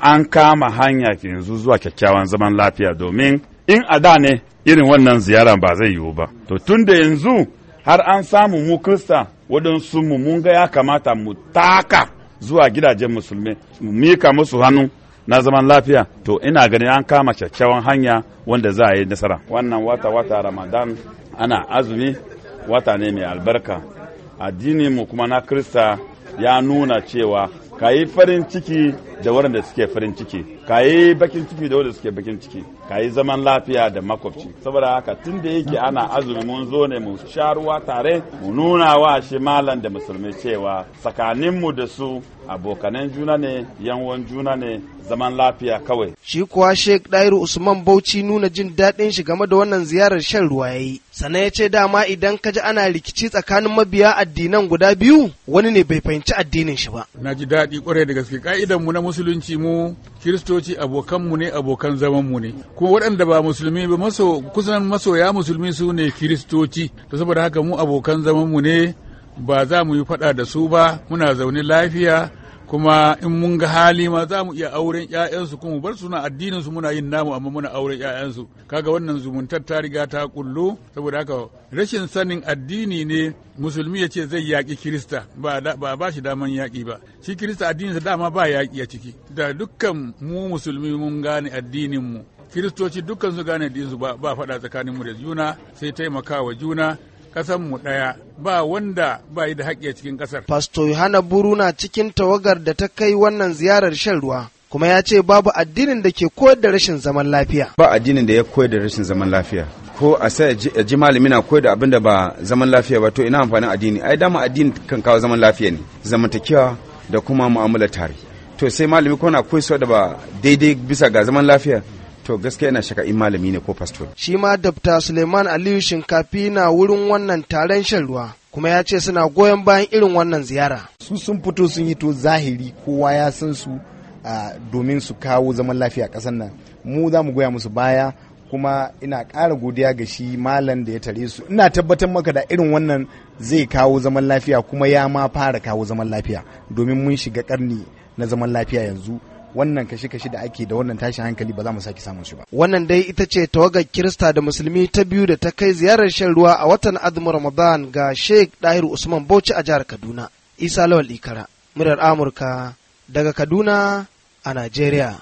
an kama hanya yanzu zuwa kyakkyawan zaman lafiya domin in a da ne irin wannan ziyara ba zai yiwu ba to tun da yanzu har an samu mu Kirista waɗansu mu mun ga ya kamata mu taka zuwa gidajen musulmi mu mika musu hannu na zaman lafiya to ina ganin an kama kyakkyawan hanya wanda za a yi nasara wannan wata wata ramadan ana azumi wata ne mai albarka addini mu kuma na kirista ya nuna cewa ka yi farin ciki da waɗanda suke farin ciki ka yi bakin ciki da waɗanda suke bakin ciki ka yi zaman lafiya da makwabci saboda haka tun da yake ana azumi mun zo ne mu sha ruwa tare mu nuna wa shi malam da musulmi cewa tsakaninmu da su abokanan juna ne yanwan juna ne zaman lafiya kawai shi kuwa sheik dairu usman bauchi nuna jin daɗin shi game da wannan ziyarar shan ruwa yayi sannan ya ce dama idan ka ji ana rikici tsakanin mabiya addinan guda biyu wani ne bai fahimci addinin shi ba na ji daɗi kwarai da gaske ka'idan mu na musulunci mu kiristoci abokan mu ne abokan zaman mu ne kuma waɗanda ba musulmi ba maso kusan masoya musulmi su ne kiristoci to saboda haka mu abokan zaman mu ne ba za mu yi faɗa da su ba muna zaune lafiya kuma in mun ga hali ma za mu iya auren 'ya'yansu kuma bar suna addinin su muna yin namu amma muna auren ƴaƴansu kaga wannan zumuntar ta riga ta kullu saboda haka rashin sanin addini ne musulmi ya ce zai yaƙi kirista ba ba ba shi daman yaƙi ba shi kirista addinin sa dama ba yaƙi a ciki da dukkan mu musulmi mun gane addinin mu kiristoci dukkan su gane addinin ba ba faɗa tsakanin mu da juna sai taimakawa juna mu ɗaya ba wanda ba yi da haƙƙi a cikin ƙasar. Pasto Yohana Buru na cikin tawagar da ta kai wannan ziyarar shan ruwa. kuma ya ce babu addinin da ke koyar da rashin zaman lafiya. Ba addinin da ya koyar da rashin zaman lafiya. Ko a sai a ji malami na koyar da abin da ba zaman lafiya ba to ina amfanin addini. Ai dama addini kan kawo zaman lafiya ne. Zamantakewa da kuma mu'amala tare. To sai malami ko na koyar da ba daidai bisa ga zaman lafiya. to gaskiya yana shaka in malami ne ko pastor shi ma dabta suleiman aliyu shinkafi na wurin wannan taron shan ruwa kuma ya ce suna goyon bayan irin wannan ziyara su sun fito sun yi to zahiri kowa ya san su domin su kawo zaman lafiya a ƙasar nan mu za mu goya musu baya kuma ina ƙara godiya ga shi malam da ya tare su ina tabbatar maka da irin wannan zai kawo zaman lafiya kuma ya ma fara kawo zaman lafiya domin mun shiga ƙarni na zaman lafiya yanzu wannan kashi-kashi da ake da wannan tashin hankali ba za mu sake samun shi ba. Wannan dai ita ce tawagar Kirista da Musulmi ta biyu da ta kai ziyarar shan ruwa a watan azumin Ramadan ga Sheikh Dahir Usman Bauchi a jihar Kaduna. Isa Lawal Ikara, muryar Amurka daga Kaduna a nigeria.